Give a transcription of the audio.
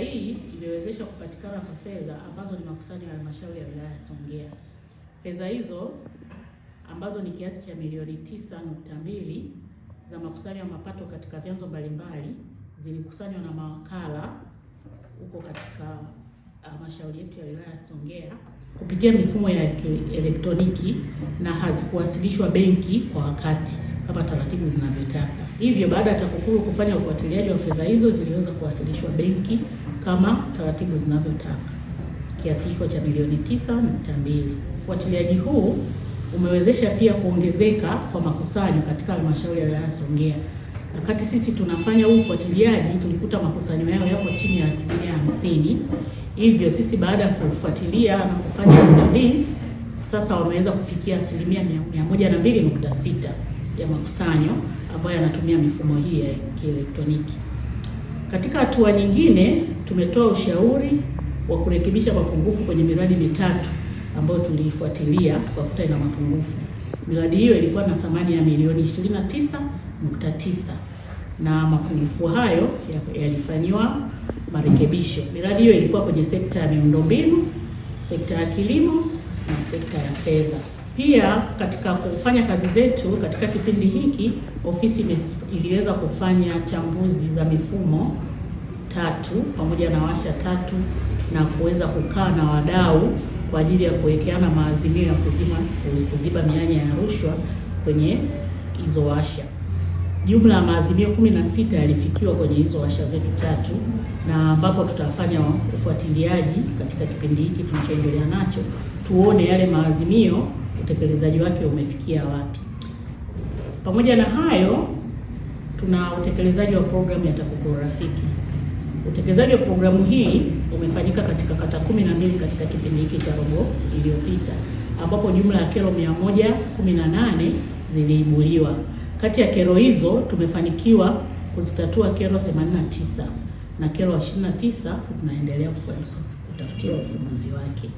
Fursa hii imewezesha kupatikana kwa fedha ambazo ni makusanyo ya halmashauri ya wilaya ya Songea. Fedha hizo ambazo ni kiasi cha milioni nukta mbili za makusanyo ya mapato katika vyanzo mbalimbali zilikusanywa na mawakala huko katika uh, halmashauri yetu ya wilaya ya Songea kupitia mifumo ya elektroniki na hazikuwasilishwa benki kwa wakati kama taratibu zinavyotaka. Hivyo, baada ya TAKUKURU kufanya ufuatiliaji wa fedha hizo, ziliweza kuwasilishwa benki kama taratibu zinavyotaka, kiasi hicho cha milioni 9.2. Ufuatiliaji huu umewezesha pia kuongezeka kwa makusanyo katika halmashauri ya wilaya Songea. Wakati sisi tunafanya huu ufuatiliaji, tulikuta makusanyo yao yako chini ya asilimia hamsini. Hivyo sisi baada ya kufuatilia na kufanya utafiti, sasa wameweza kufikia asilimia mia moja na mbili nukta sita ya makusanyo ambayo yanatumia mifumo hii ya kielektroniki. Katika hatua nyingine, tumetoa ushauri wa kurekebisha mapungufu kwenye miradi mitatu ambayo tuliifuatilia tukakuta ina mapungufu. Miradi hiyo ilikuwa na thamani ya milioni 29.9 na mapungufu hayo yalifanyiwa marekebisho. Miradi hiyo ilikuwa kwenye sekta ya miundombinu, sekta ya kilimo na sekta ya fedha. Pia katika kufanya kazi zetu katika kipindi hiki, ofisi iliweza kufanya chambuzi za mifumo tatu pamoja na washa tatu na kuweza kukaa na wadau kwa ajili ya kuwekeana maazimio ya kuzima kuziba mianya ya rushwa kwenye hizo washa. Jumla ya maazimio 16 yalifikiwa kwenye hizo washa zetu tatu, na ambapo tutafanya ufuatiliaji katika kipindi hiki tunachoendelea nacho, tuone yale maazimio utekelezaji wake umefikia wapi. Pamoja na hayo, tuna utekelezaji wa programu ya TAKUKURU Rafiki. Utekelezaji wa programu hii umefanyika katika kata 12 katika kipindi hiki cha robo iliyopita, ambapo jumla ya kero 118 ziliibuliwa. Kati ya kero hizo tumefanikiwa kuzitatua kero 89 na kero 29 zinaendelea kutafutiwa ufumbuzi wake.